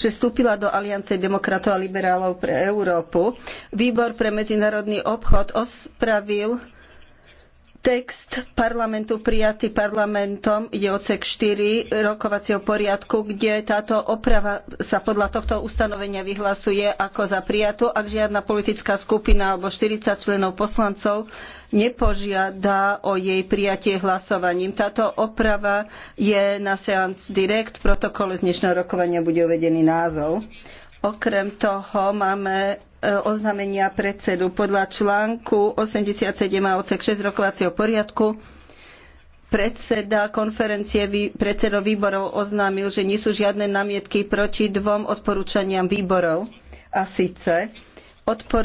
že vstúpila do Aliancie demokratov a liberálov pre Európu. Výbor pre medzinárodný obchod ospravil text parlamentu prijatý parlamentom, ide odsek 4 rokovacieho poriadku, kde táto oprava sa podľa tohto ustanovenia vyhlasuje ako za prijatú, ak žiadna politická skupina alebo 40 členov poslancov nepožiada o jej prijatie hlasovaním. Táto oprava je na seans direkt, v protokole z dnešného rokovania bude uvedený názov. Okrem toho máme E, oznámenia predsedu podľa článku 87 a odsek 6 rokovacieho poriadku predseda konferencie predsedov výborov oznámil, že nie sú žiadne námietky proti dvom odporúčaniam výborov. A síce odpor.